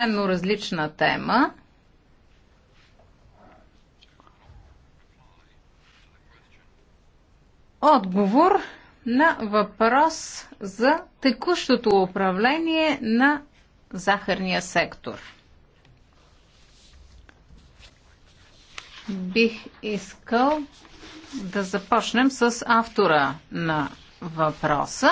съвършено различна тема. Отговор на въпрос за текущото управление на захарния сектор. Бих искал да започнем с автора на въпроса,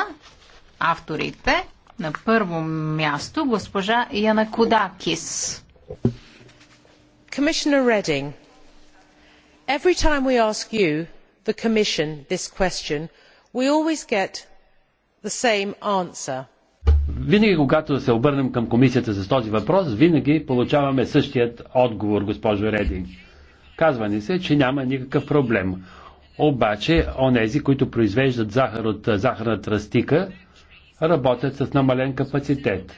авторите на първо място госпожа Яна Кудакис. Commissioner Reding, every time we ask you, the Commission, this question, we always get the same answer. Винаги, когато се обърнем към комисията за този въпрос, винаги получаваме същият отговор, госпожо Рединг. Казва ни се, че няма никакъв проблем. Обаче, онези, които произвеждат захар от захарна тръстика, работят с намален капацитет.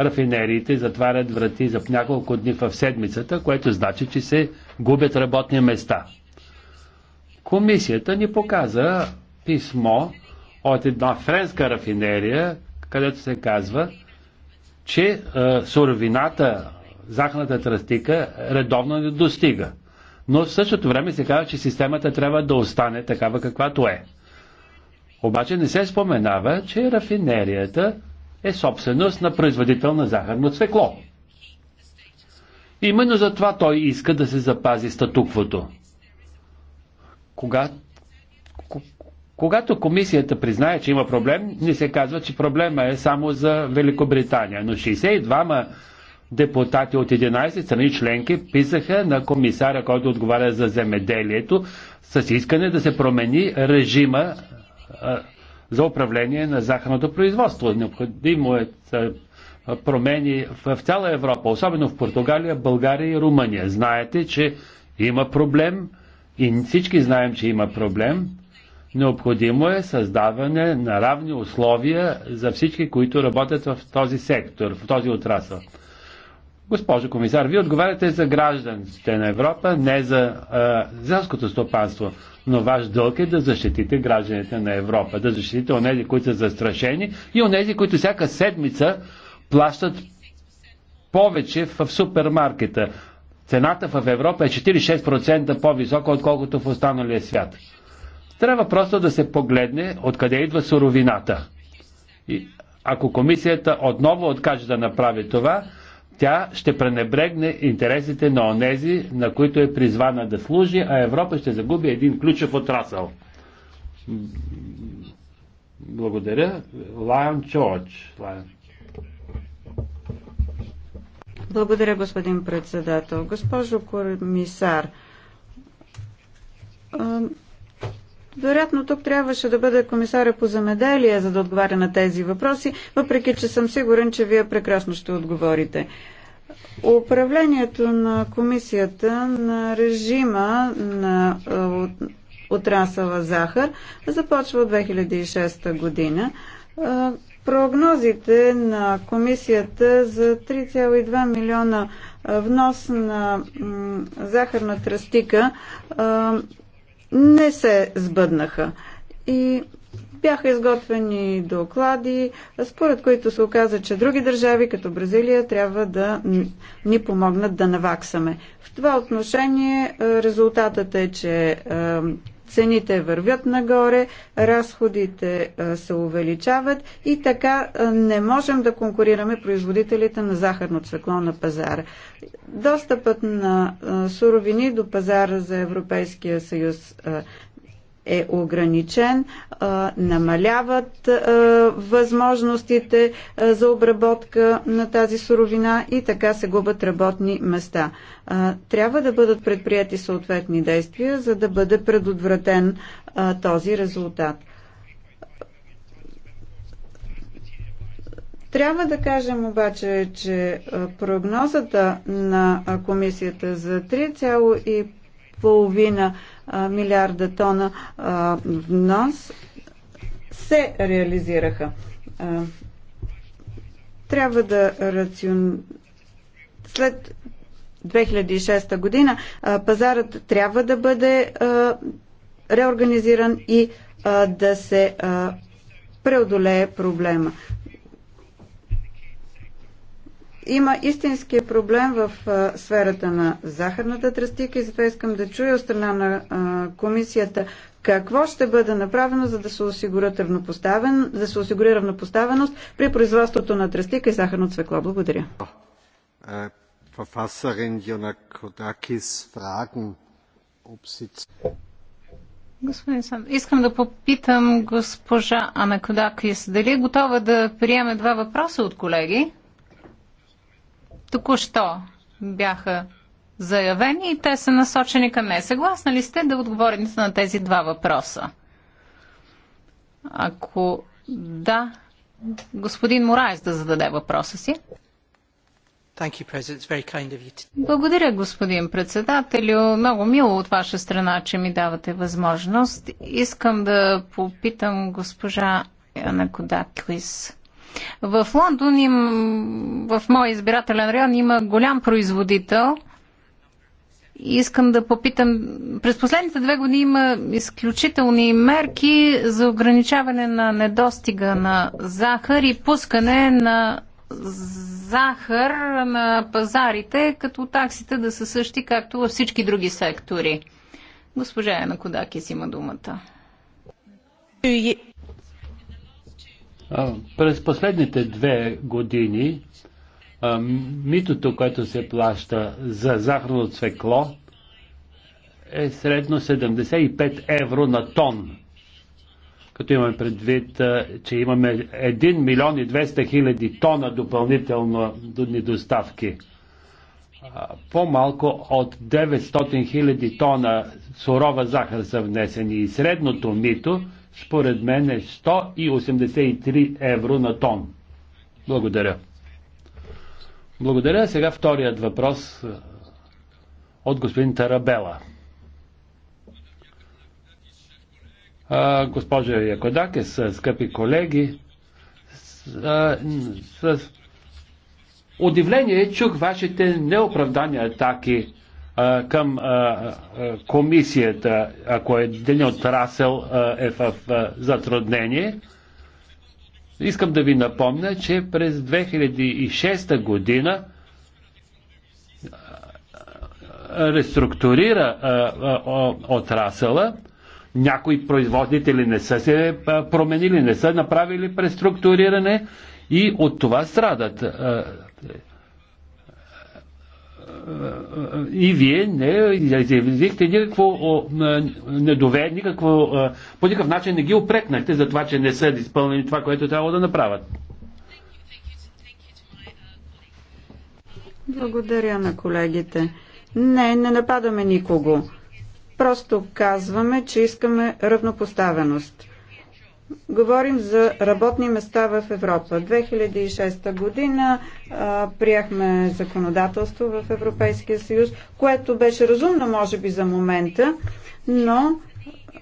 Рафинериите затварят врати за няколко дни в седмицата, което значи, че се губят работни места. Комисията ни показа писмо от една френска рафинерия, където се казва, че е, суровината, захната тръстика, редовно не достига. Но в същото време се казва, че системата трябва да остане такава каквато е. Обаче не се споменава, че рафинерията е собственост на производител на захарно цвекло. Именно за това той иска да се запази статуквото. Кога, когато комисията признае, че има проблем, не се казва, че проблема е само за Великобритания. Но 62-ма депутати от 11 страни членки писаха на комисаря, който отговаря за земеделието, с искане да се промени режима за управление на захарното производство. Необходимо е промени в цяла Европа, особено в Португалия, България и Румъния. Знаете, че има проблем и всички знаем, че има проблем. Необходимо е създаване на равни условия за всички, които работят в този сектор, в този отрасъл. Госпожо комисар, вие отговаряте за гражданите на Европа, не за а, селското стопанство, но ваш дълг е да защитите гражданите на Европа, да защитите онези, които са застрашени и онези, които всяка седмица плащат повече в супермаркета. Цената в Европа е 46% по-висока, отколкото в останалия свят. Трябва просто да се погледне откъде идва суровината. И ако комисията отново откаже да направи това, тя ще пренебрегне интересите на онези, на които е призвана да служи, а Европа ще загуби един ключов отрасъл. Благодаря. Лайон Чордж. Благодаря, господин председател. Госпожо комисар, вероятно тук трябваше да бъде комисаря по замеделие, за да отговаря на тези въпроси, въпреки че съм сигурен, че вие прекрасно ще отговорите. Управлението на комисията на режима на отрасъла захар започва от 2006 година. Прогнозите на комисията за 3,2 милиона внос на захарна тръстика не се сбъднаха. И бяха изготвени доклади, според които се оказа, че други държави, като Бразилия, трябва да ни помогнат да наваксаме. В това отношение е, резултатът е, че е, цените вървят нагоре, разходите се увеличават и така не можем да конкурираме производителите на захарно цвекло на пазара. Достъпът на суровини до пазара за Европейския съюз е ограничен, намаляват възможностите за обработка на тази суровина и така се губят работни места. Трябва да бъдат предприяти съответни действия, за да бъде предотвратен този резултат. Трябва да кажем обаче, че прогнозата на комисията за 3,5 милиарда тона внос се реализираха. Трябва да рацион... След 2006 година пазарът трябва да бъде реорганизиран и да се преодолее проблема. Има истински проблем в сферата на захарната тръстика и затова искам да чуя от страна на комисията какво ще бъде направено, за да се, осигурят равнопоставен, да се осигури равнопоставеност при производството на тръстика и захарно цвекло. Благодаря. Господин Сан, искам да попитам госпожа Анакодакис, дали е готова да приеме два въпроса от колеги? току-що бяха заявени и те са насочени към нея. Съгласна ли сте да отговорите на тези два въпроса? Ако да, господин Морайс да зададе въпроса си. Благодаря, господин председателю. Много мило от ваша страна, че ми давате възможност. Искам да попитам госпожа Яна Кодаклис. В Лондон, им, в моя избирателен район, има голям производител. Искам да попитам, през последните две години има изключителни мерки за ограничаване на недостига на захар и пускане на захар на пазарите, като таксите да са същи, както във всички други сектори. Госпожа Яна Кодакис има думата. Е, през последните две години митото, което се плаща за захарно цвекло, е средно 75 евро на тон. Като имаме предвид, че имаме 1 милион и 200 хиляди тона допълнително доставки. По-малко от 900 хиляди тона сурова захар са внесени и средното мито според мен е 183 евро на тон. Благодаря. Благодаря. Сега вторият въпрос от господин Тарабела. А, госпожа Якодакес, скъпи колеги, с, с удивление чух вашите неоправдани атаки а, към а, а, комисията, ако е ден отрасъл а, е в а, затруднение. Искам да ви напомня, че през 2006 година реструктурира а, а, отрасъла. Някои производители не са се променили, не са направили преструктуриране и от това страдат и вие не изявихте никакво недоверие, никакво, по никакъв начин не ги опрекнахте за това, че не са изпълнени това, което трябва да направят. Благодаря на колегите. Не, не нападаме никого. Просто казваме, че искаме равнопоставеност. Говорим за работни места в Европа. 2006 година а, приехме законодателство в Европейския съюз, което беше разумно, може би, за момента, но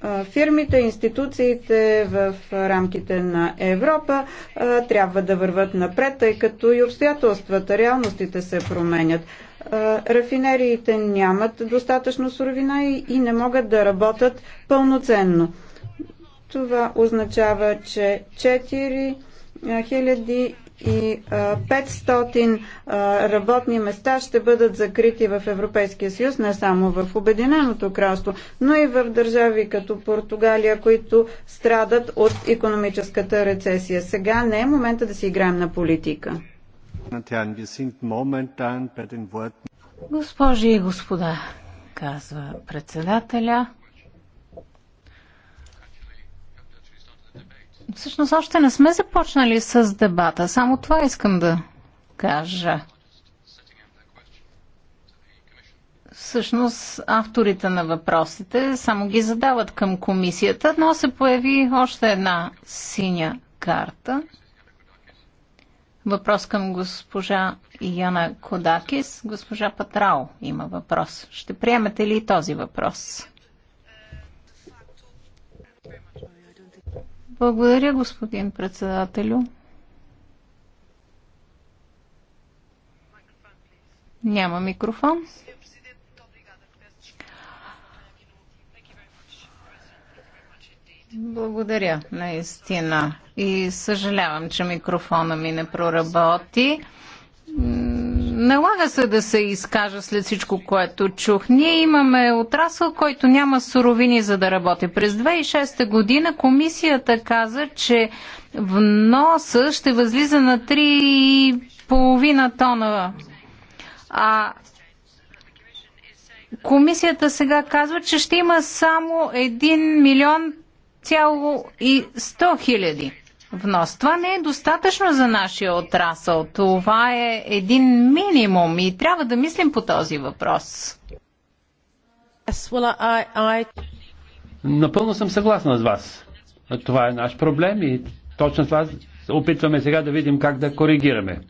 а, фирмите, институциите в рамките на Европа а, трябва да върват напред, тъй като и обстоятелствата, реалностите се променят рафинериите нямат достатъчно суровина и, не могат да работят пълноценно. Това означава, че 4500 работни места ще бъдат закрити в Европейския съюз, не само в Обединеното кралство, но и в държави като Португалия, които страдат от економическата рецесия. Сега не е момента да си играем на политика. Госпожи и господа, казва председателя. Всъщност още не сме започнали с дебата. Само това искам да кажа. Всъщност авторите на въпросите само ги задават към комисията, но се появи още една синя карта. Въпрос към госпожа Яна Кодакис. Госпожа Патрао има въпрос. Ще приемете ли този въпрос? Благодаря, господин председателю. Няма микрофон. Благодаря, наистина. И съжалявам, че микрофона ми не проработи. Налага се да се изкажа след всичко, което чух. Ние имаме отрасъл, който няма суровини за да работи. През 2006 година комисията каза, че вноса ще възлиза на 3,5 тона. А комисията сега казва, че ще има само 1 милион цяло и 100 хиляди внос. Това не е достатъчно за нашия отрасъл. Това е един минимум и трябва да мислим по този въпрос. Напълно съм съгласна с вас. Това е наш проблем и точно това опитваме сега да видим как да коригираме.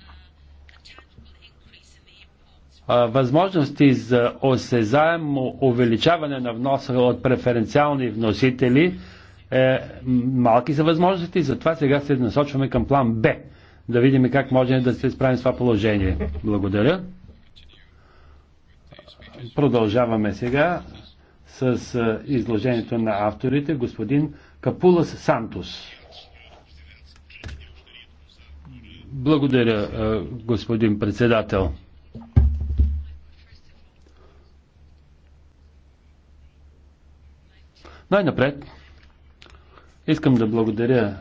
Възможности за осезаемо увеличаване на вноса от преференциални вносители – е, малки са възможности, затова сега се насочваме към план Б. Да видим как можем да се справим с това положение. Благодаря. Продължаваме сега с е, изложението на авторите, господин Капулас Сантос. Благодаря, е, господин председател. Най-напред Искам да благодаря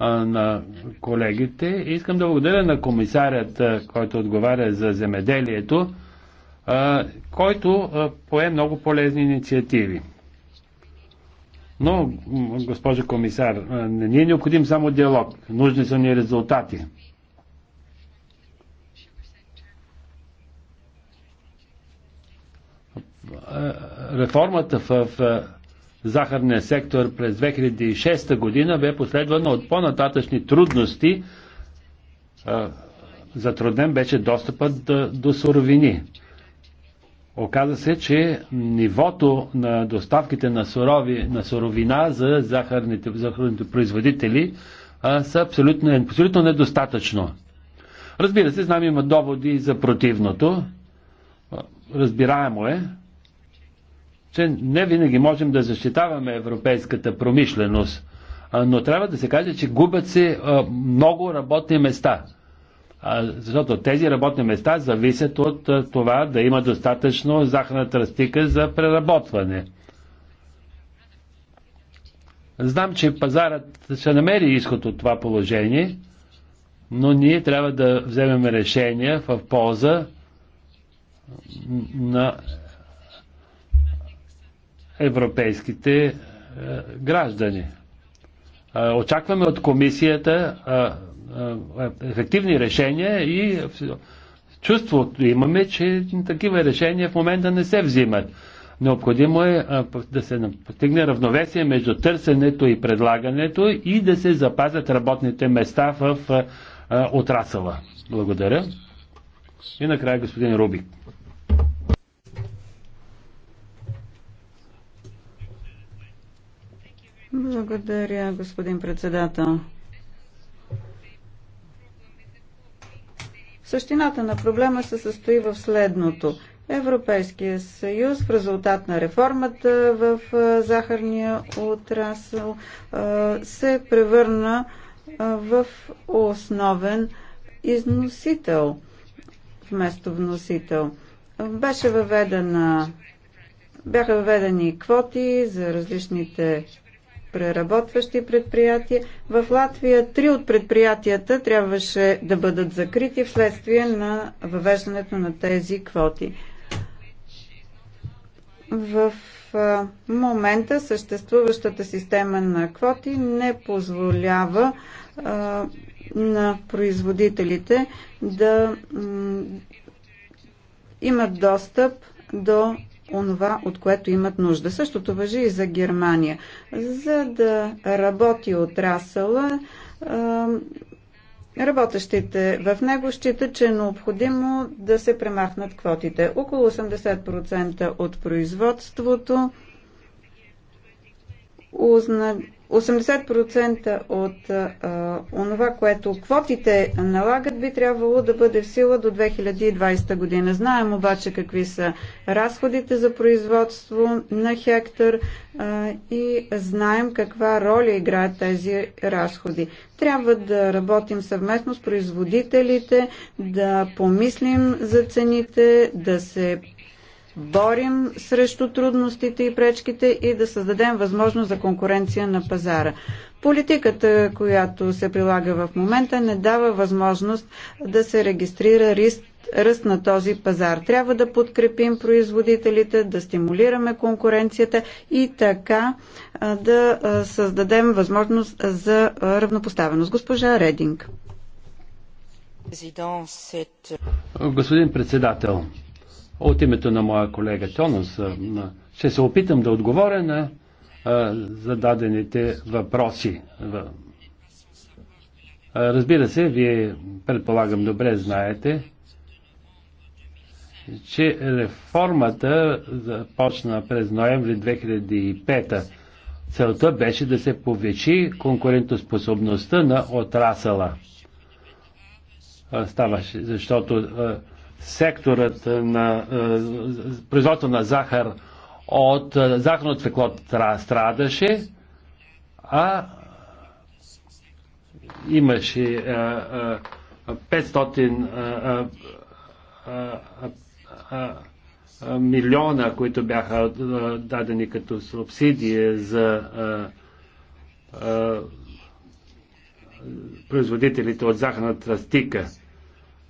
на колегите. Искам да благодаря на комисарят, който отговаря за земеделието, който пое много полезни инициативи. Но, госпожо комисар, не ни е необходим само диалог. Нужни са ни резултати. Реформата в захарния сектор през 2006 година бе последвана от по-нататъчни трудности. Затруднен беше достъпът до, суровини. Оказа се, че нивото на доставките на, сурови, на суровина за захарните, захарните производители а, са абсолютно, е абсолютно недостатъчно. Разбира се, знам има доводи за противното. Разбираемо е, че не винаги можем да защитаваме европейската промишленост, но трябва да се каже, че губят се много работни места. Защото тези работни места зависят от това да има достатъчно захарна тръстика за преработване. Знам, че пазарът ще намери изход от това положение, но ние трябва да вземем решения в полза на европейските е, граждани. Е, очакваме от комисията е, ефективни решения и чувството имаме, че такива решения в момента не се взимат. Необходимо е да се постигне равновесие между търсенето и предлагането и да се запазят работните места в отрасъла. Благодаря. И накрая господин Рубик. Благодаря, господин председател. Същината на проблема се състои в следното. Европейския съюз в резултат на реформата в захарния отрасъл се превърна в основен износител вместо вносител. Беше въведена, бяха въведени квоти за различните преработващи предприятия. В Латвия три от предприятията трябваше да бъдат закрити вследствие на въвеждането на тези квоти. В момента съществуващата система на квоти не позволява а, на производителите да имат достъп до онова, от което имат нужда. Същото въжи и за Германия. За да работи отрасъла, Работещите в него считат, че е необходимо да се премахнат квотите. Около 80% от производството 80% от а, онова, което квотите налагат, би трябвало да бъде в сила до 2020 година. Знаем обаче какви са разходите за производство на хектар а, и знаем каква роля играят тези разходи. Трябва да работим съвместно с производителите, да помислим за цените, да се борим срещу трудностите и пречките и да създадем възможност за конкуренция на пазара. Политиката, която се прилага в момента, не дава възможност да се регистрира риск ръст на този пазар. Трябва да подкрепим производителите, да стимулираме конкуренцията и така да създадем възможност за равнопоставеност. Госпожа Рединг. Господин председател, от името на моя колега Тонас ще се опитам да отговоря на зададените въпроси. Разбира се, вие предполагам добре знаете, че реформата започна през ноември 2005. Целта беше да се повечи конкурентоспособността на отрасъла. Ставаше, защото секторът на е, производство на захар от е, захарно цвекло страдаше, а имаше 500 е, милиона, които бяха дадени като субсидия за производителите от захарната стика.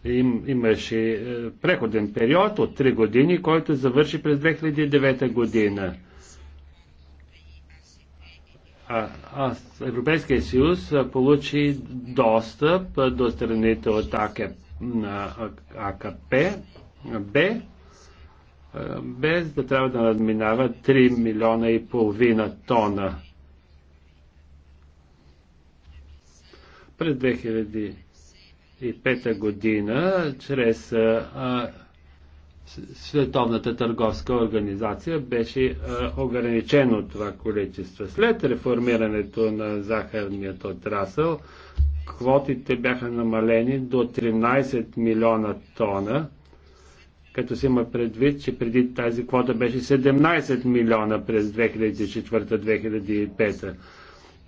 Им, имаше е, преходен период от 3 години, който завърши през 2009 година. А, а Европейския съюз получи достъп до страните от АКП, АКП Б, без да трябва да надминава 3 милиона и половина тона. През 2000 1995 година чрез Световната търговска организация беше ограничено това количество. След реформирането на захарният отрасъл, квотите бяха намалени до 13 милиона тона, като се има предвид, че преди тази квота беше 17 милиона през 2004-2005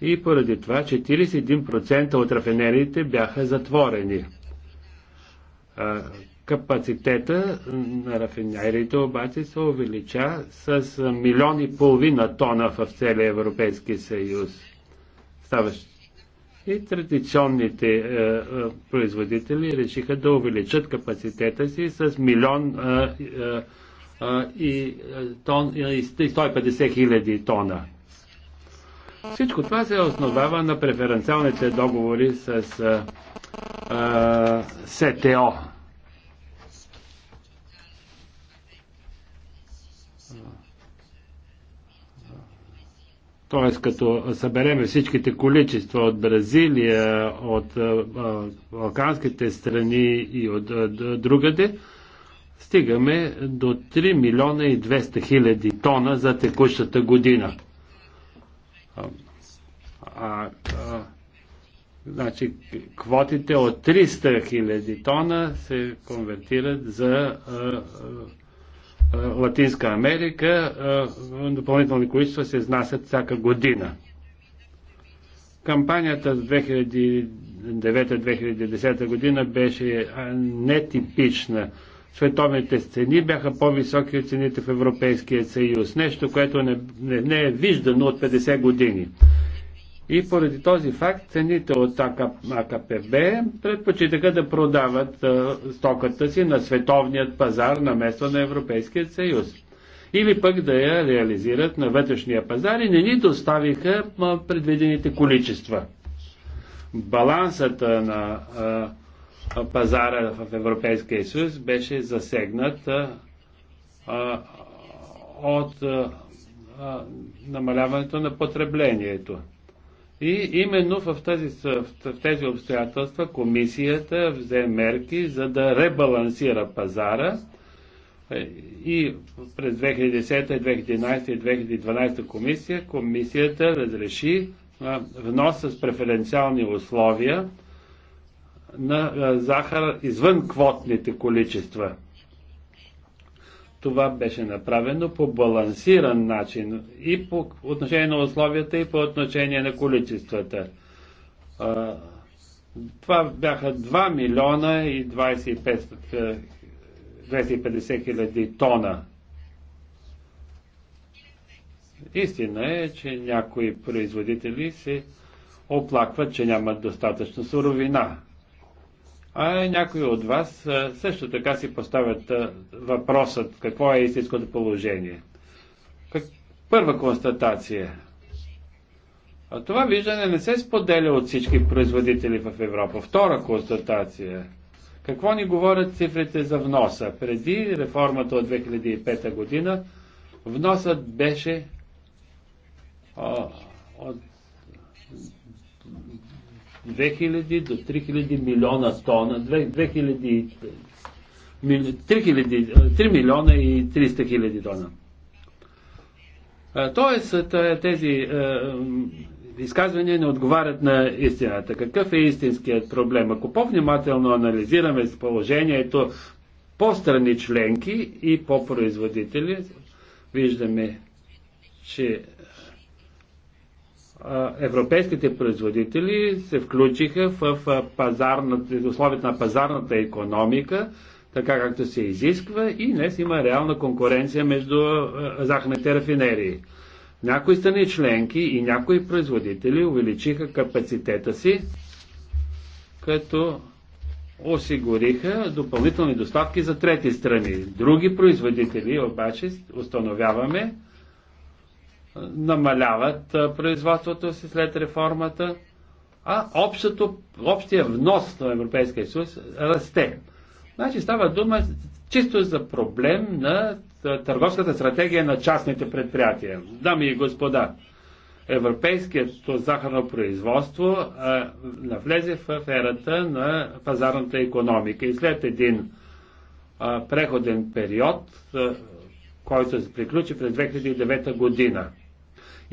и поради това 41% от рафинериите бяха затворени. Капацитета на рафинериите обаче се увелича с милион и половина тона в целия Европейски съюз. Ставащ и традиционните е, е, производители решиха да увеличат капацитета си с милион е, е, е и, е, тон, и 150 хиляди тона. Всичко това се основава на преференциалните договори с а, СТО. Т.е. като събереме всичките количества от Бразилия, от балканските страни и от другаде, стигаме до 3 милиона и 200 хиляди тона за текущата година. А, а, значи, квотите от 300 хиляди тона се конвертират за а, а, Латинска Америка. А, допълнителни количества се изнасят всяка година. Кампанията в 2009-2010 година беше нетипична световните цени бяха по-високи от цените в Европейския съюз. Нещо, което не, не, не е виждано от 50 години. И поради този факт цените от АКПБ предпочитаха да продават а, стоката си на световният пазар на место на Европейския съюз. Или пък да я реализират на вътрешния пазар и не ни доставиха а, предвидените количества. Балансата на а, пазара в Европейския съюз беше засегнат а, от а, намаляването на потреблението. И именно в тези, в тези обстоятелства комисията взе мерки за да ребалансира пазара и през 2010, 2011 и 2012 комисия комисията разреши внос с преференциални условия на захар извън квотните количества. Това беше направено по балансиран начин и по отношение на условията, и по отношение на количествата. Това бяха 2 милиона и 25, 250 хиляди тона. Истина е, че някои производители се оплакват, че нямат достатъчно суровина а някои от вас също така си поставят въпросът какво е истинското положение. Първа констатация. А това виждане не се споделя от всички производители в Европа. Втора констатация. Какво ни говорят цифрите за вноса? Преди реформата от 2005 година вносът беше от 2000 до 3000 милиона тона, 3 милиона и 300 хиляди тона. Тоест, е, тези е, изказвания не отговарят на истината. Какъв е истинският проблем? Ако по-внимателно анализираме положението по страни членки и по производители, виждаме, че европейските производители се включиха в пазарната, условията на пазарната економика, така както се изисква и днес има реална конкуренция между захарните рафинерии. Някои страни членки и някои производители увеличиха капацитета си, като осигуриха допълнителни доставки за трети страни. Други производители обаче установяваме, намаляват производството си след реформата, а общото, общия внос на Европейския съюз расте. Значи става дума чисто за проблем на търговската стратегия на частните предприятия. Дами и господа, европейското захарно производство а, навлезе в аферата на пазарната економика и след един а, преходен период, а, който се приключи през 2009 година.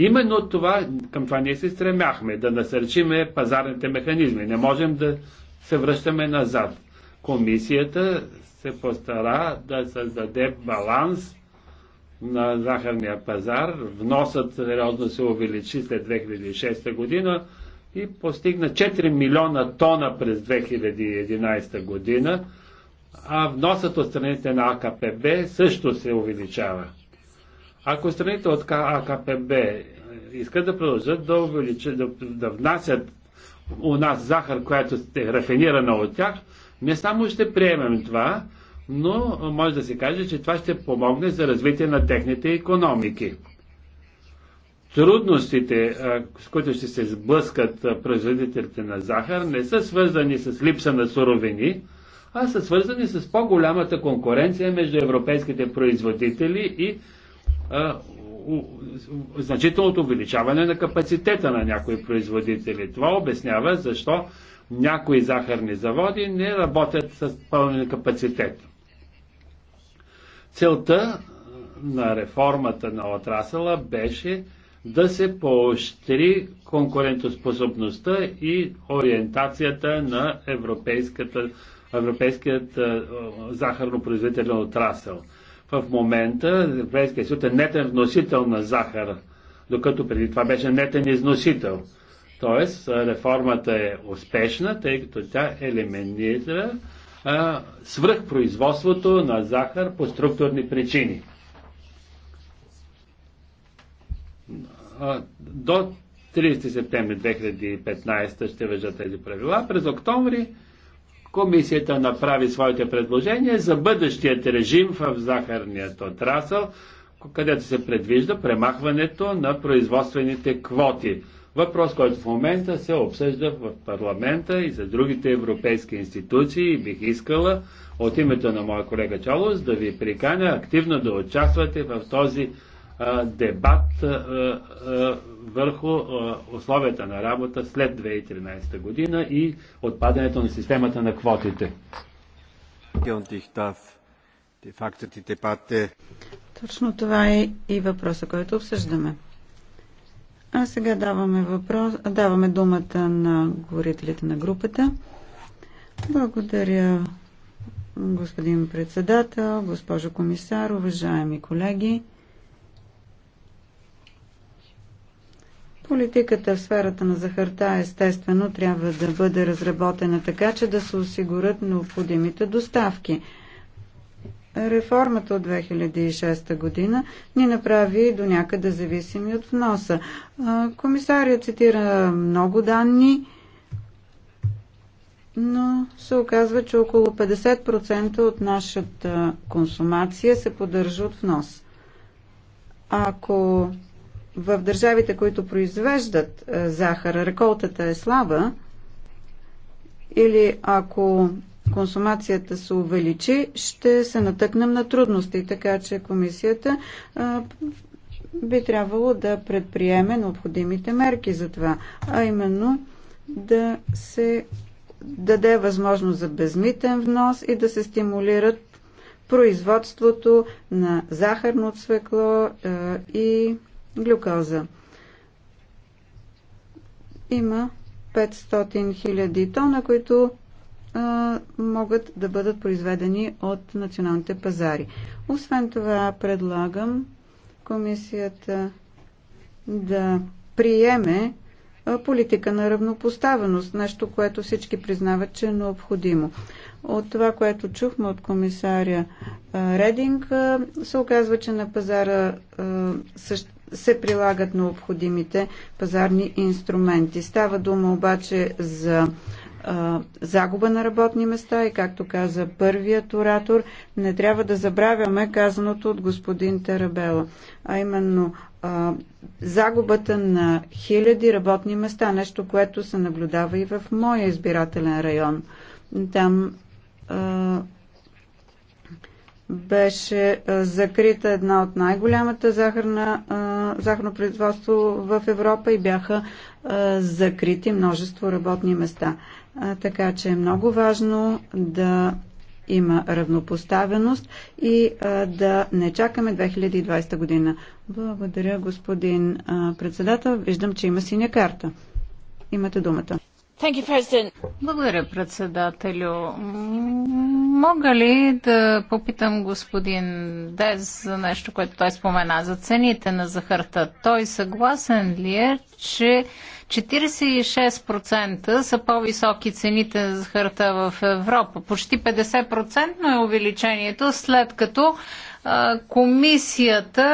Именно това, към това ние се стремяхме, да насърчиме пазарните механизми. Не можем да се връщаме назад. Комисията се постара да създаде баланс на захарния пазар. Вносът сериозно се увеличи след 2006 година и постигна 4 милиона тона през 2011 година, а вносът от страните на АКПБ също се увеличава. Ако страните от АКПБ искат да продължат да, увеличат, да, да внасят у нас захар, която е рафинирана от тях, не само ще приемем това, но може да се каже, че това ще помогне за развитие на техните економики. Трудностите, с които ще се сблъскат производителите на захар, не са свързани с липса на суровини, а са свързани с по-голямата конкуренция между европейските производители и значителното увеличаване на капацитета на някои производители. Това обяснява защо някои захарни заводи не работят с пълен капацитет. Целта на реформата на отрасъла беше да се поощри конкурентоспособността и ориентацията на европейският захарно-производителен отрасъл. В момента Европейския съюз е нетен вносител на захар, докато преди това беше нетен износител. Тоест, реформата е успешна, тъй като тя елиминира свръхпроизводството на захар по структурни причини. А, до 30 септември 2015 ще въжат тези правила. През октомври Комисията направи своите предложения за бъдещият режим в захарният отрасъл, където се предвижда премахването на производствените квоти. Въпрос, който в момента се обсъжда в парламента и за другите европейски институции и бих искала от името на моя колега Чолос да ви приканя активно да участвате в този дебат върху условията на работа след 2013 година и отпадането на системата на квотите. Точно това е и въпроса, който обсъждаме. А сега даваме, въпрос, даваме думата на говорителите на групата. Благодаря, господин председател, госпожо комисар, уважаеми колеги. Политиката в сферата на захарта естествено трябва да бъде разработена така, че да се осигурят необходимите доставки. Реформата от 2006 година ни направи до някъде зависими от вноса. Комисария цитира много данни, но се оказва, че около 50% от нашата консумация се поддържа от внос. Ако в държавите, които произвеждат е, захар, реколтата е слаба или ако консумацията се увеличи, ще се натъкнем на трудности, така че комисията е, би трябвало да предприеме необходимите мерки за това, а именно да се даде възможност за безмитен внос и да се стимулират производството на захарно цвекло е, и глюкоза. Има 500 000 тона, които а, могат да бъдат произведени от националните пазари. Освен това, предлагам комисията да приеме политика на равнопоставеност, нещо, което всички признават, че е необходимо. От това, което чухме от комисаря Рединг, се оказва, че на пазара се прилагат необходимите пазарни инструменти. Става дума обаче за загуба на работни места и, както каза първият оратор, не трябва да забравяме казаното от господин Тарабела, а именно а, загубата на хиляди работни места, нещо, което се наблюдава и в моя избирателен район. Там а, беше закрита една от най-голямата захарна, захарно производство в Европа и бяха закрити множество работни места. Така че е много важно да има равнопоставеност и да не чакаме 2020 година. Благодаря, господин председател. Виждам, че има синя карта. Имате думата. Благодаря, председателю. Мога ли да попитам господин Дез за нещо, което той спомена за цените на захарта? Той съгласен ли е, че 46% са по-високи цените на захарта в Европа? Почти 50% е увеличението, след като Комисията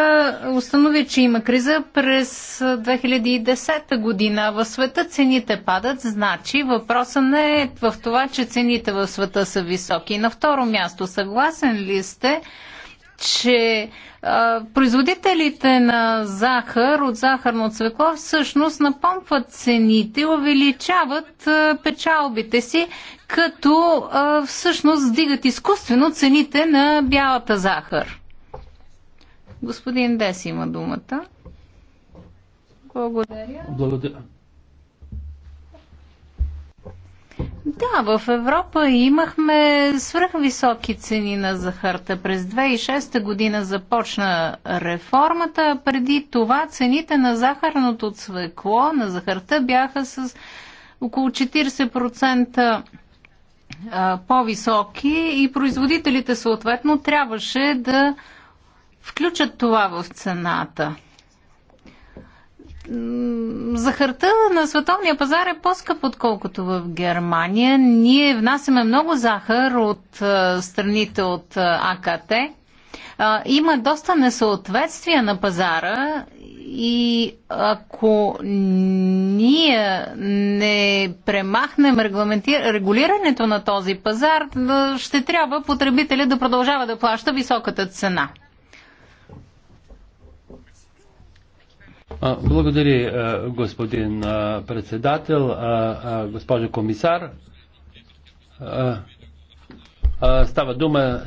установи, че има криза през 2010 година. В света цените падат, значи въпросът не е в това, че цените в света са високи. На второ място, съгласен ли сте, че а, производителите на захар от захарно цвекло всъщност напомпват цените, увеличават а, печалбите си като а, всъщност вдигат изкуствено цените на бялата захар. Господин Дес има думата. Благодаря. Благодаря. Да, в Европа имахме свръхвисоки цени на захарта. През 2006 година започна реформата. Преди това цените на захарното цвекло, на захарта бяха с около 40% по-високи и производителите съответно трябваше да включат това в цената. Захарта на световния пазар е по-скъп, отколкото в Германия. Ние внасяме много захар от страните от АКТ а, има доста несъответствия на пазара и ако ние не премахнем регулирането на този пазар, ще трябва потребителя да продължава да плаща високата цена. Благодаря, е, господин е, председател, госпожо комисар. Е, става дума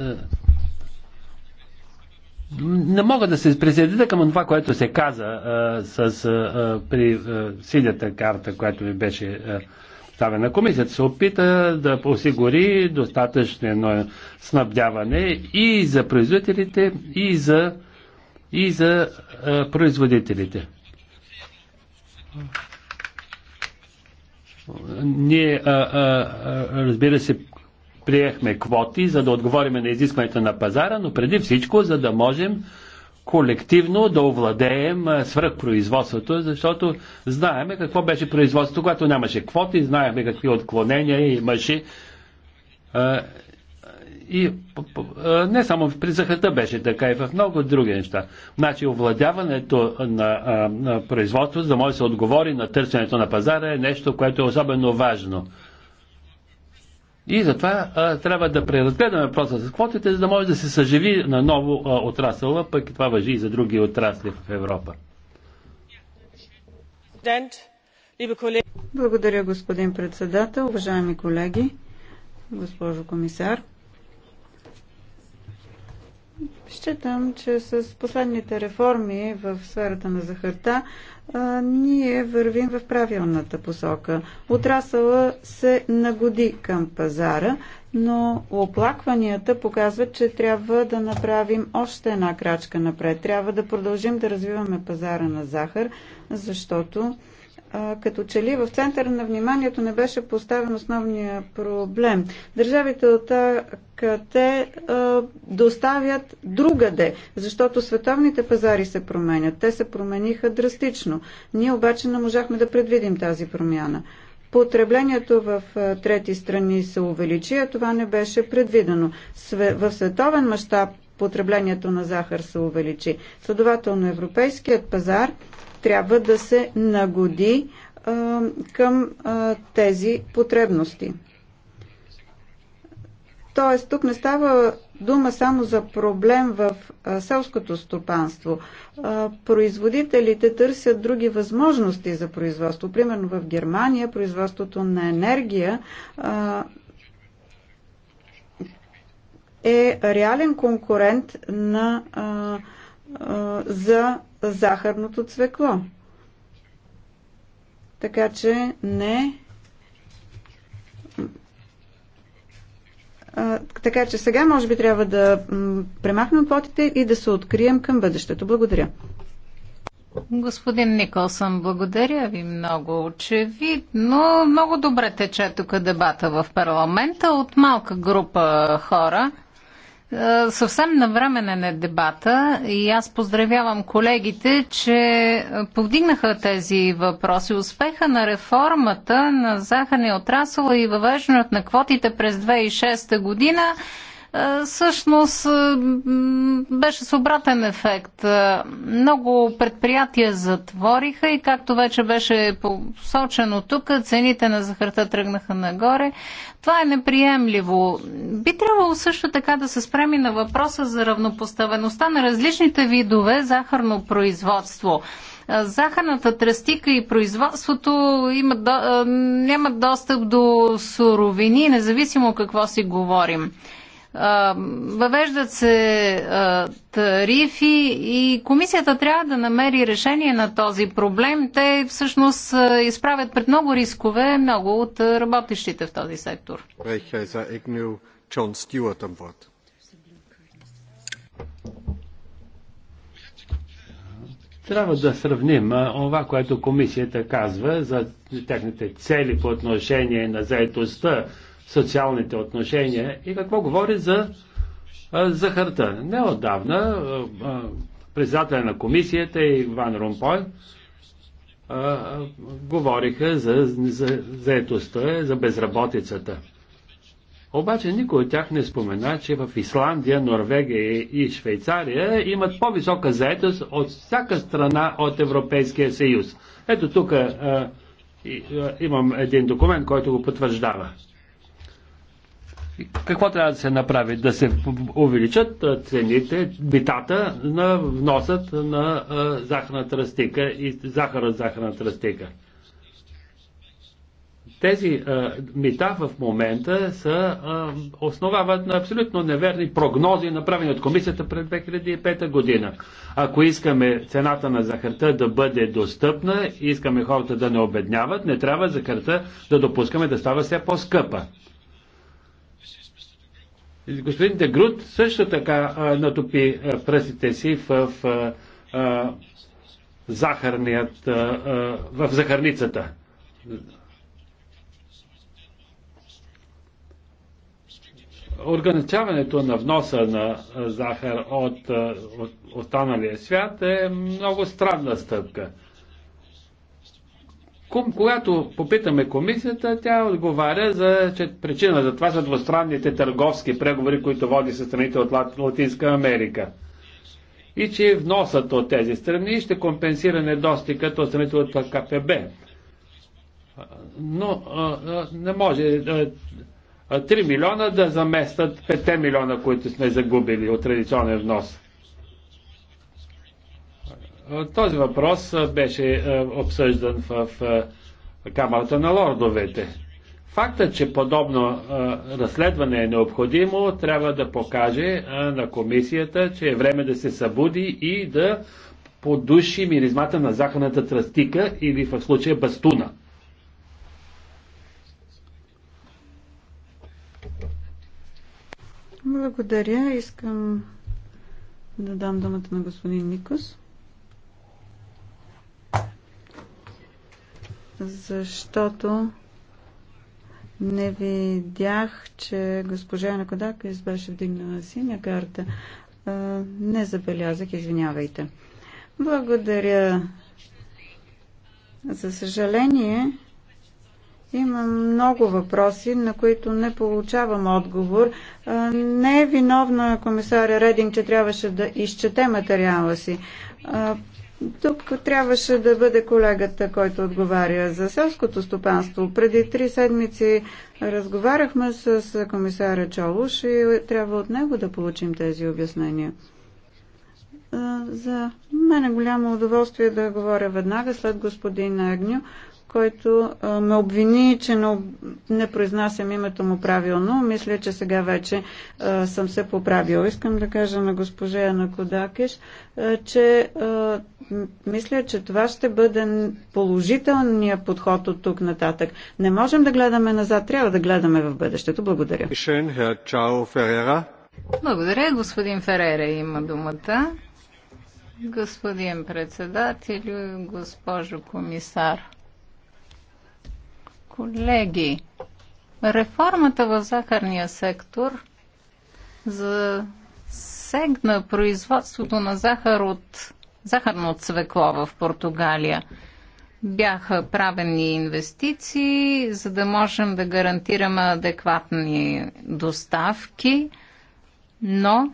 не мога да се присъедина към това, което се каза а, с, а, при а, синята карта, която ми беше а, ставена. Комисията се опита да осигури достатъчно снабдяване и за производителите, и за, и за а, производителите. Ние, а, а, разбира се, приехме квоти, за да отговориме на изискването на пазара, но преди всичко, за да можем колективно да овладеем свръхпроизводството, защото знаеме какво беше производството, когато нямаше квоти, знаехме какви отклонения имаше. И не само в призахата беше така, и в много други неща. Значи овладяването на, на производството, за да може да се отговори на търсенето на пазара, е нещо, което е особено важно. И затова а, трябва да преразгледаме въпроса с квотите, за да може да се съживи на ново а, отрасъл, пък и това въжи и за други отрасли в Европа. Благодаря, господин председател, уважаеми колеги, госпожо комисар. Считам, че с последните реформи в сферата на захарта ние вървим в правилната посока. Отрасъла се нагоди към пазара, но оплакванията показват, че трябва да направим още една крачка напред. Трябва да продължим да развиваме пазара на захар, защото като че ли в центъра на вниманието не беше поставен основния проблем. Държавите от АКТ доставят другаде, защото световните пазари се променят. Те се промениха драстично. Ние обаче не можахме да предвидим тази промяна. Потреблението в трети страни се увеличи, а това не беше предвидено. В световен мащаб потреблението на захар се увеличи. Следователно, европейският пазар трябва да се нагоди а, към а, тези потребности. Тоест, тук не става дума само за проблем в селското стопанство. Производителите търсят други възможности за производство. Примерно в Германия производството на енергия е реален конкурент на, за захарното цвекло. Така че не. А, така че сега може би трябва да премахнем плотите и да се открием към бъдещето. Благодаря. Господин Николсън, благодаря ви много. Очевидно, много добре тече тук дебата в парламента от малка група хора. Е, съвсем навременен е дебата и аз поздравявам колегите, че повдигнаха тези въпроси. Успеха на реформата на захарния отрасъл и въвеждането на квотите през 2006 година е, всъщност е, беше с обратен ефект. Е, много предприятия затвориха и както вече беше посочено тук, цените на захарта тръгнаха нагоре. Това е неприемливо. Би трябвало също така да се спреми на въпроса за равнопоставеността на различните видове захарно производство захарната тръстика и производството имат, нямат достъп до суровини, независимо какво си говорим. Въвеждат се тарифи и комисията трябва да намери решение на този проблем. Те всъщност изправят пред много рискове много от работещите в този сектор. Трябва да сравним това, което комисията казва за техните цели по отношение на заедостта, социалните отношения и какво говори за захарта. Неотдавна председателя на комисията и Ван Румпой говориха за заетостта, за, за безработицата. Обаче никой от тях не спомена, че в Исландия, Норвегия и Швейцария имат по-висока заетост от всяка страна от Европейския съюз. Ето тук имам един документ, който го потвърждава. Какво трябва да се направи? Да се увеличат цените, битата на вносът на захарната растика и захара захарната растика. Тези а, мита в момента са, а, основават на абсолютно неверни прогнози, направени от комисията през 2005 година. Ако искаме цената на захарта да бъде достъпна, искаме хората да не обедняват, не трябва захарта да допускаме да става все по-скъпа. Господин Дегрут също така а, натопи а, пръстите си в а, а, а, а, в захарницата. Органичаването на вноса на захар от, от останалия свят е много странна стъпка. Когато попитаме комисията, тя отговаря за че причина за това са двустранните търговски преговори, които води със страните от Латинска Америка. И че вносът от тези страни ще компенсира недостигът от страните от КПБ. Но а, а, не може а, 3 милиона да заместят 5 милиона, които сме загубили от традиционен внос. Е, този въпрос е, беше е, обсъждан в Камерата на лордовете. Фактът, че подобно разследване е необходимо, трябва да покаже на комисията, че е време да се събуди и да подуши миризмата на захарната тръстика или в случая бастуна. Благодаря. Искам да дам думата на господин Никос. защото не видях, че госпожа Накодак беше вдигнала синя карта. Не забелязах, извинявайте. Благодаря. За съжаление, има много въпроси, на които не получавам отговор. Не е виновна комисаря Рединг, че трябваше да изчете материала си. Тук трябваше да бъде колегата, който отговаря за селското стопанство. Преди три седмици разговаряхме с комисаря Чолуш и трябва от него да получим тези обяснения. За мен е голямо удоволствие да говоря веднага след господин Агню, който ме обвини, че не, не произнасям името му правилно. Мисля, че сега вече а, съм се поправил. Искам да кажа на госпожа Яна Кодакеш, а, че а, мисля, че това ще бъде положителният подход от тук нататък. Не можем да гледаме назад, трябва да гледаме в бъдещето. Благодаря. Благодаря, господин Ферера има думата. Господин председател, госпожо комисар. Колеги, реформата в захарния сектор засегна производството на захар от захарно цвекло в Португалия. Бяха правени инвестиции, за да можем да гарантираме адекватни доставки, но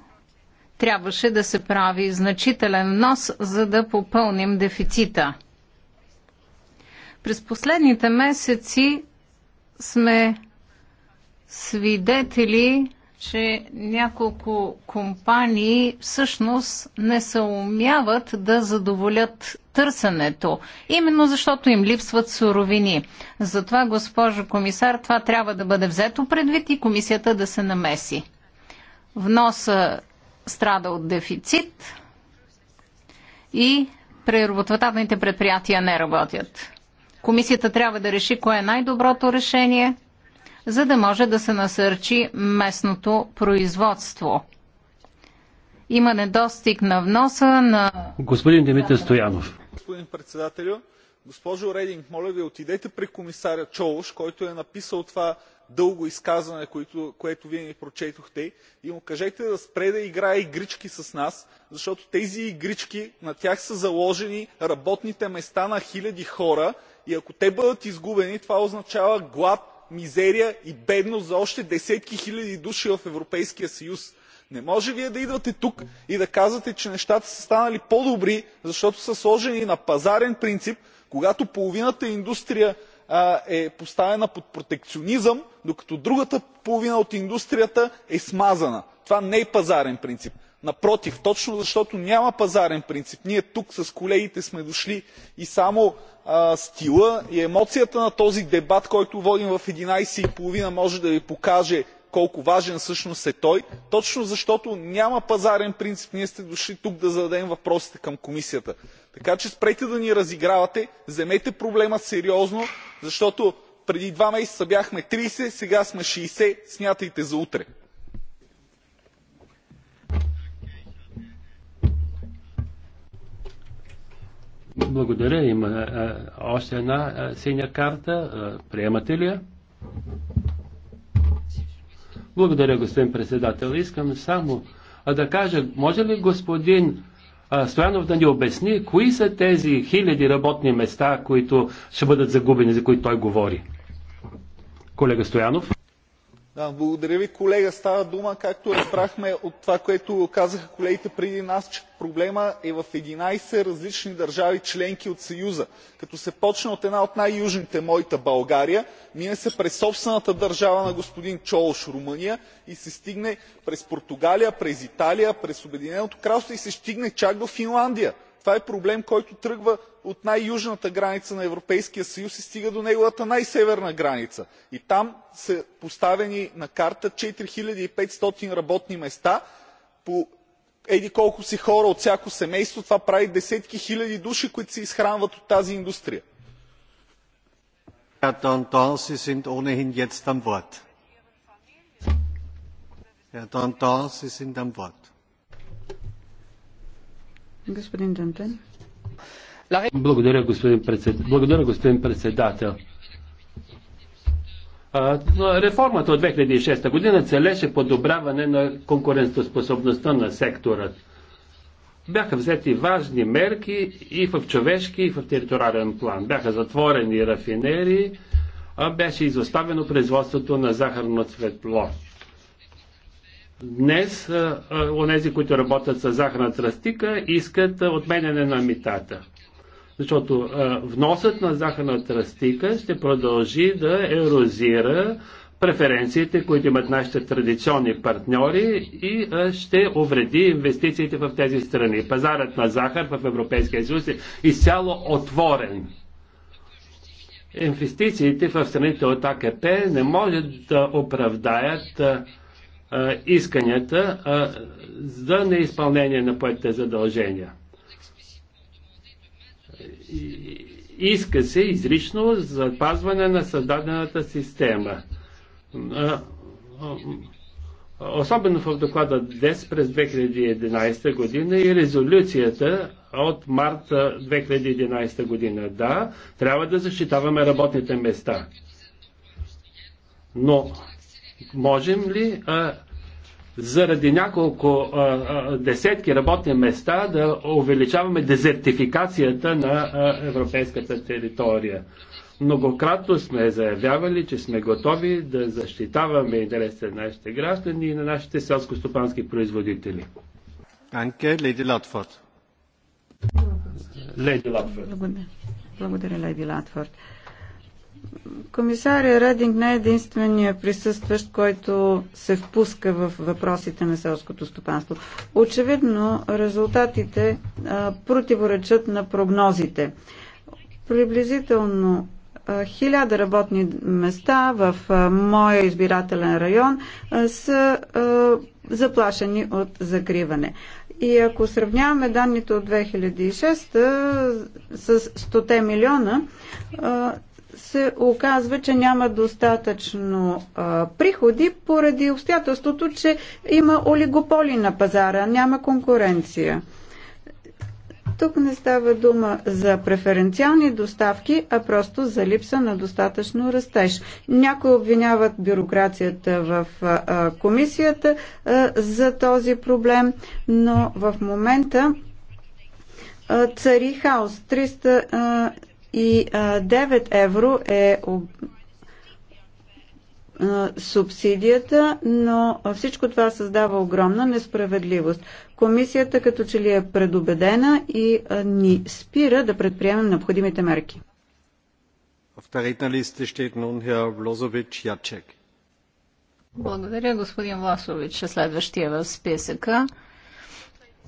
трябваше да се прави значителен нос, за да попълним дефицита – през последните месеци сме свидетели, че няколко компании всъщност не съумяват да задоволят търсенето, именно защото им липсват суровини. Затова, госпожо комисар, това трябва да бъде взето предвид и комисията да се намеси. Вноса страда от дефицит и преработвателните предприятия не работят. Комисията трябва да реши кое е най-доброто решение, за да може да се насърчи местното производство. Има недостиг на вноса на... Господин Димитър Стоянов. Господин председателю, госпожо Рейдинг, моля ви, отидете при комисаря Чолош, който е написал това дълго изказване, което, което вие ни прочетохте, и му кажете да спре да играе игрички с нас, защото тези игрички, на тях са заложени работните места на хиляди хора и ако те бъдат изгубени това означава глад мизерия и бедност за още десетки хиляди души в европейския съюз. не може вие да идвате тук и да казвате че нещата са станали по добри защото са сложени на пазарен принцип когато половината индустрия е поставена под протекционизъм докато другата половина от индустрията е смазана. това не е пазарен принцип напротив точно защото няма пазарен принцип ние тук с колегите сме дошли и само стилът и емоцията на този дебат който водим в 11.30 ч. може да ви покаже колко важен всъщност е той точно защото няма пазарен принцип ние сме дошли тук да зададем въпросите към комисията. така че спрете да ни разигравате вземете проблема сериозно защото преди два месеца бяхме 30, сега сме 60, смятайте за утре. Благодаря. Има а, още една а, синя карта. А, приемате ли я? Благодаря, господин председател. Искам само а да кажа, може ли господин а, Стоянов да ни обясни, кои са тези хиляди работни места, които ще бъдат загубени, за които той говори? Колега Стоянов благодаря ви колега. става дума както разбрахме от това което казаха колегите преди нас че проблемът е в 11 различни държави членки от съюза като се почне от една от най южните моята България, мине се през собствената държава на господин чолош румъния и се стигне през португалия през италия през обединеното кралство и се стигне чак до финландия това е проблем който тръгва от най южната граница на европейския съюз и стига до неговата най северна граница и там са поставени на карта четири хиляди и петстотин работни места по еди колко си хора от всяко семейство. това прави десетки хиляди души които се изхранват от тази индустрия. Господин Дантен. Благодаря, господин председател. Благодаря, господин председател. Реформата от 2006 година целеше подобряване на конкурентоспособността на сектора. Бяха взети важни мерки и в човешки, и в териториален план. Бяха затворени рафинери, беше изоставено производството на захарно цветло. Днес онези, които работят с захарна тръстика, искат отменяне на митата. Защото вносът на захарна тръстика ще продължи да ерозира преференциите, които имат нашите традиционни партньори и ще увреди инвестициите в тези страни. Пазарът на захар в Европейския съюз е изцяло отворен. Инвестициите в страните от АКП не могат да оправдаят исканията за неизпълнение на поетите задължения. Иска се изрично запазване на създадената система. Особено в доклада ДЕС през 2011 година и резолюцията от март 2011 година. Да, трябва да защитаваме работните места. Но Можем ли а, заради няколко а, а, десетки работни места да увеличаваме дезертификацията на а, европейската територия? Многократно сме заявявали, че сме готови да защитаваме интересите на нашите граждани и на нашите селско-стопански производители. Анке, леди Латфорд. Леди Латфорд. Благодаря, леди Латфорд. Комисария Рединг не е единствения присъстващ, който се впуска в въпросите на селското стопанство. Очевидно, резултатите а, противоречат на прогнозите. Приблизително хиляда работни места в а, моя избирателен район а, са заплашени от закриване. И ако сравняваме данните от 2006 с 100 милиона, се оказва, че няма достатъчно а, приходи поради обстоятелството, че има олигополи на пазара, няма конкуренция. Тук не става дума за преференциални доставки, а просто за липса на достатъчно растеж. Някои обвиняват бюрокрацията в а, комисията а, за този проблем, но в момента цари хаос. 300 и 9 евро е субсидията, но всичко това създава огромна несправедливост. Комисията като че ли е предубедена и ни спира да предприемем необходимите мерки. Благодаря, господин Власович. Следващия в списъка.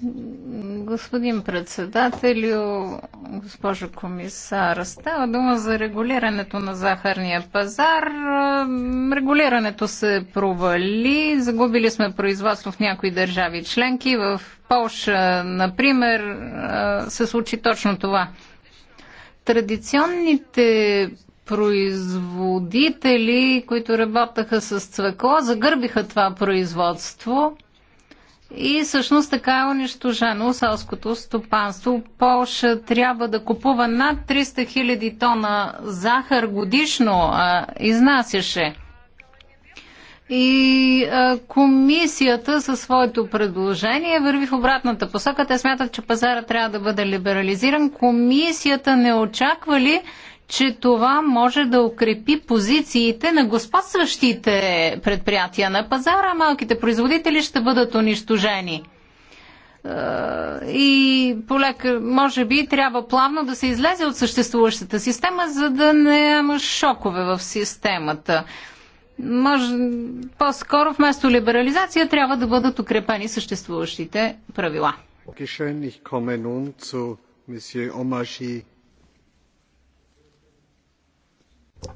Господин председателю, госпожо комисар, става дума за регулирането на захарния пазар. Регулирането се провали, загубили сме производство в някои държави членки. В Полша, например, се случи точно това. Традиционните производители, които работеха с цвекло, загърбиха това производство – и всъщност така е унищожено селското стопанство. Полша трябва да купува над 300 000 тона захар годишно, а, изнасяше. И а, комисията със своето предложение върви в обратната посока. Те смятат, че пазара трябва да бъде либерализиран. Комисията не очаква ли, че това може да укрепи позициите на господстващите предприятия на пазара, малките производители ще бъдат унищожени. Е, и полека, може би, трябва плавно да се излезе от съществуващата система, за да не има шокове в системата. Може, по-скоро вместо либерализация трябва да бъдат укрепени съществуващите правила.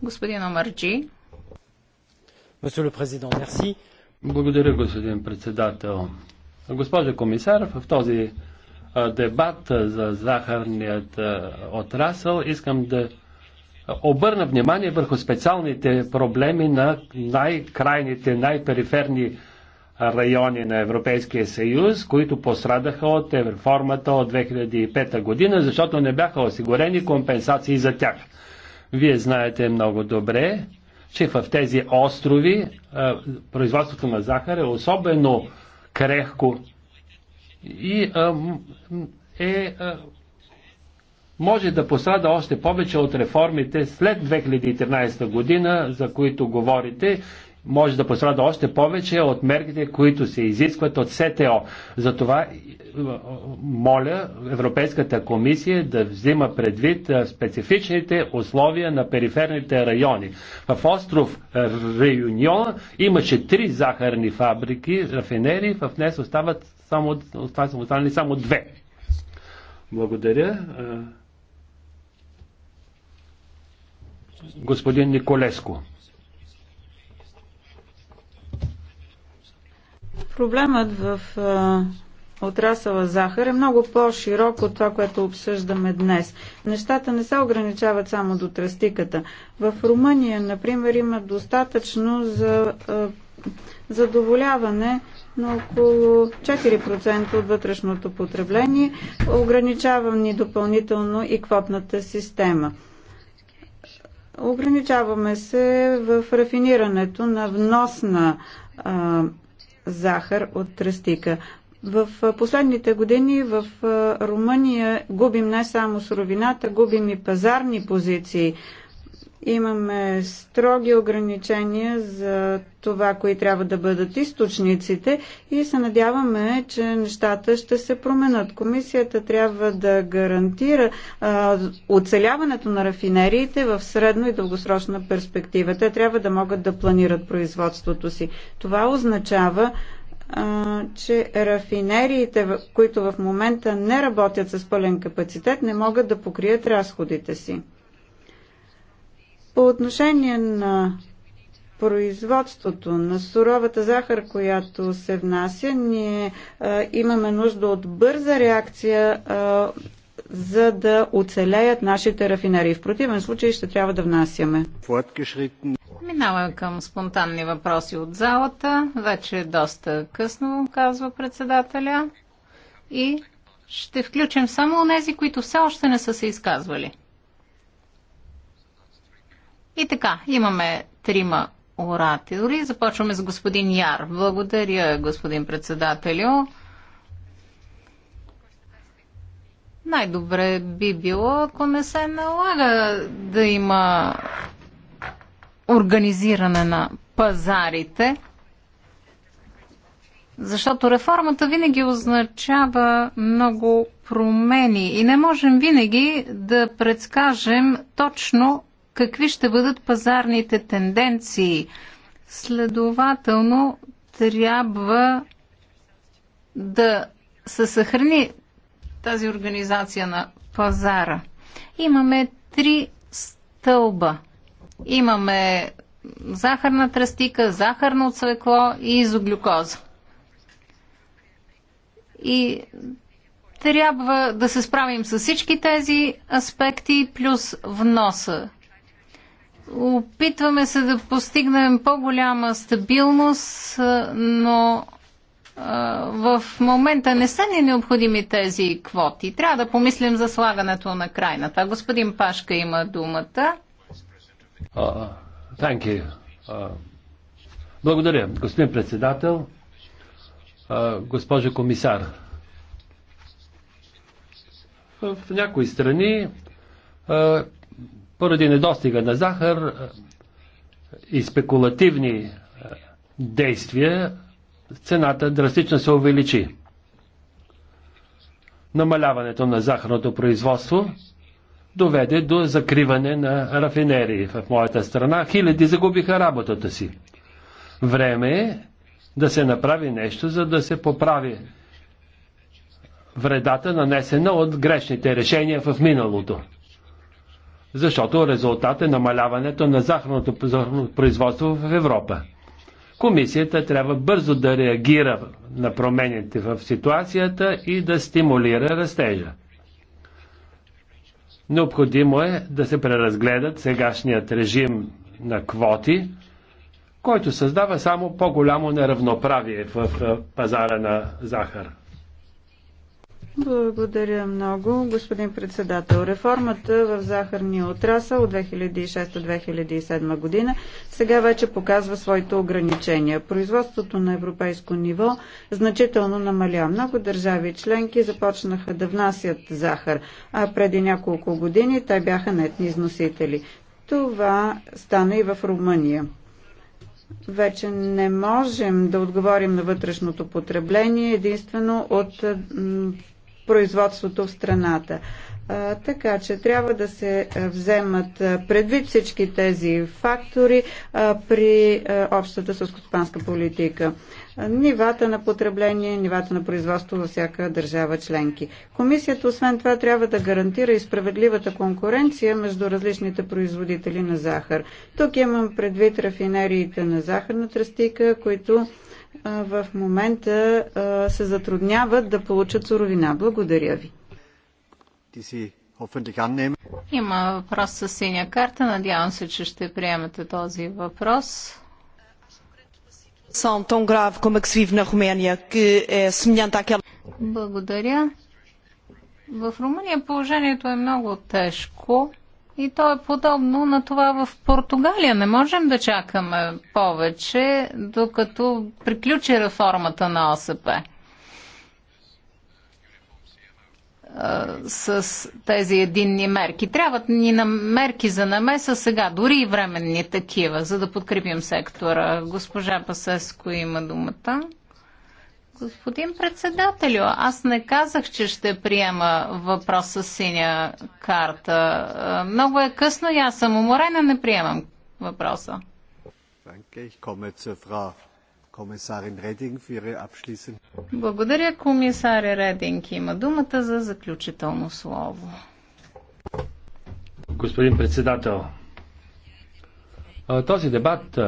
Господин Омарджи. Благодаря, господин председател. Госпожо комисар, в този дебат за захарният отрасъл искам да обърна внимание върху специалните проблеми на най-крайните, най-периферни райони на Европейския съюз, които пострадаха от реформата от 2005 година, защото не бяха осигурени компенсации за тях. Вие знаете много добре, че в тези острови производството на захар е особено крехко и е, може да пострада още повече от реформите след 2013 година, за които говорите може да пострада още повече от мерките, които се изискват от СТО. Затова е, моля Европейската комисия да взима предвид е, специфичните условия на периферните райони. В остров Реюнион имаше три захарни фабрики, рафинери, в днес остават само, останали само две. Благодаря. Е. Господин Николеско. Проблемът в отрасъла захар е много по-широк от това, което обсъждаме днес. Нещата не се ограничават само до тръстиката. В Румъния, например, има достатъчно за задоволяване на около 4% от вътрешното потребление. Ограничава ни допълнително и квотната система. Ограничаваме се в рафинирането на вносна захар от тръстика. В последните години в Румъния губим не само суровината, губим и пазарни позиции. Имаме строги ограничения за това, кои трябва да бъдат източниците и се надяваме, че нещата ще се променят. Комисията трябва да гарантира оцеляването на рафинериите в средно и дългосрочна перспектива. Те трябва да могат да планират производството си. Това означава, че рафинериите, които в момента не работят с пълен капацитет, не могат да покрият разходите си. По отношение на производството на суровата захар, която се внася, ние а, имаме нужда от бърза реакция, а, за да оцелеят нашите рафинерии. В противен случай ще трябва да внасяме. Минаваме към спонтанни въпроси от залата. Вече е доста късно, казва председателя. И ще включим само тези, които все още не са се изказвали. И така, имаме трима оратори. Започваме с господин Яр. Благодаря, господин председателю. Най-добре би било, ако не се налага да има организиране на пазарите, защото реформата винаги означава много промени и не можем винаги да предскажем точно какви ще бъдат пазарните тенденции. Следователно, трябва да се съхрани тази организация на пазара. Имаме три стълба. Имаме захарна тръстика, захарно цвекло и изоглюкоза. И трябва да се справим с всички тези аспекти, плюс вноса. Опитваме се да постигнем по-голяма стабилност, но в момента не са ни необходими тези квоти. Трябва да помислим за слагането на край на това. Господин Пашка има думата. Uh, uh, благодаря, господин председател, uh, госпожо комисар. В някои страни поради недостига на захар е, и спекулативни е, действия, цената драстично се увеличи. Намаляването на захарното производство доведе до закриване на рафинерии в моята страна. Хиляди загубиха работата си. Време е да се направи нещо, за да се поправи вредата, нанесена от грешните решения в миналото защото резултат е намаляването на захарното производство в Европа. Комисията трябва бързо да реагира на промените в ситуацията и да стимулира растежа. Необходимо е да се преразгледат сегашният режим на квоти, който създава само по-голямо неравноправие в е, пазара на захар. Благодаря много, господин председател. Реформата в захарния отрасъл от 2006-2007 година сега вече показва своите ограничения. Производството на европейско ниво значително намаля. Много държави и членки започнаха да внасят захар, а преди няколко години те бяха нетни износители. Това стана и в Румъния вече не можем да отговорим на вътрешното потребление единствено от производството в страната. Така че трябва да се вземат предвид всички тези фактори при общата съскоспанска политика. Нивата на потребление, нивата на производство във всяка държава членки. Комисията освен това трябва да гарантира и справедливата конкуренция между различните производители на захар. Тук имам предвид рафинериите на захарна тръстика, които в момента се затрудняват да получат суровина. Благодаря ви. Има въпрос с синя карта. Надявам се, че ще приемете този въпрос. Благодаря. В Румъния положението е много тежко. И то е подобно на това в Португалия. Не можем да чакаме повече, докато приключи реформата на ОСП. с тези единни мерки. Трябват ни на мерки за намеса сега, дори и временни такива, за да подкрепим сектора. Госпожа Пасеско има думата. Господин председателю, аз не казах, че ще приема въпроса с синя карта. Е, много е късно и аз съм уморена, не приемам въпроса. Благодаря, комисаря Рединг. Има думата за заключително слово. Господин председател, този дебат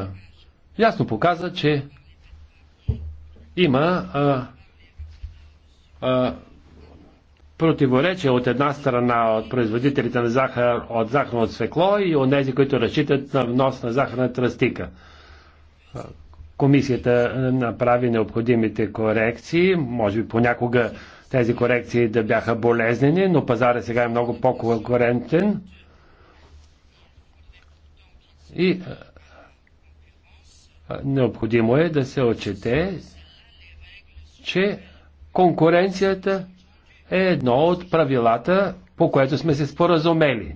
ясно показа, че има а, а, противоречие от една страна от производителите на захар от захарно свекло и от тези, които разчитат на внос на захарна тръстика. Комисията направи необходимите корекции, може би понякога тези корекции да бяха болезнени, но пазара сега е много по-конкурентен. И необходимо е да се отчете че конкуренцията е едно от правилата, по което сме се споразумели.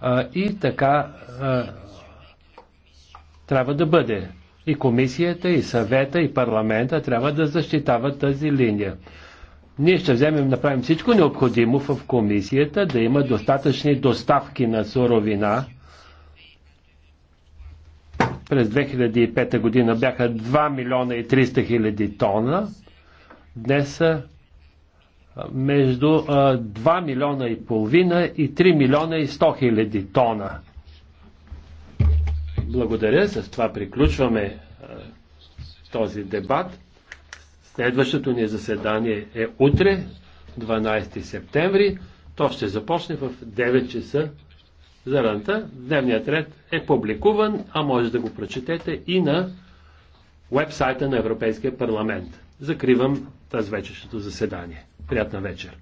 А, и така а, трябва да бъде. И комисията, и съвета, и парламента трябва да защитават тази линия. Ние ще вземем, направим всичко необходимо в комисията да има достатъчни доставки на суровина през 2005 година бяха 2 милиона и 300 хиляди тона. Днес са между 2 милиона и половина и 3 милиона и 100 хиляди тона. Благодаря. С това приключваме този дебат. Следващото ни заседание е утре, 12 септември. То ще започне в 9 часа заранта. Дневният ред е публикуван, а може да го прочетете и на вебсайта на Европейския парламент. Закривам тази вечершното заседание. Приятна вечер!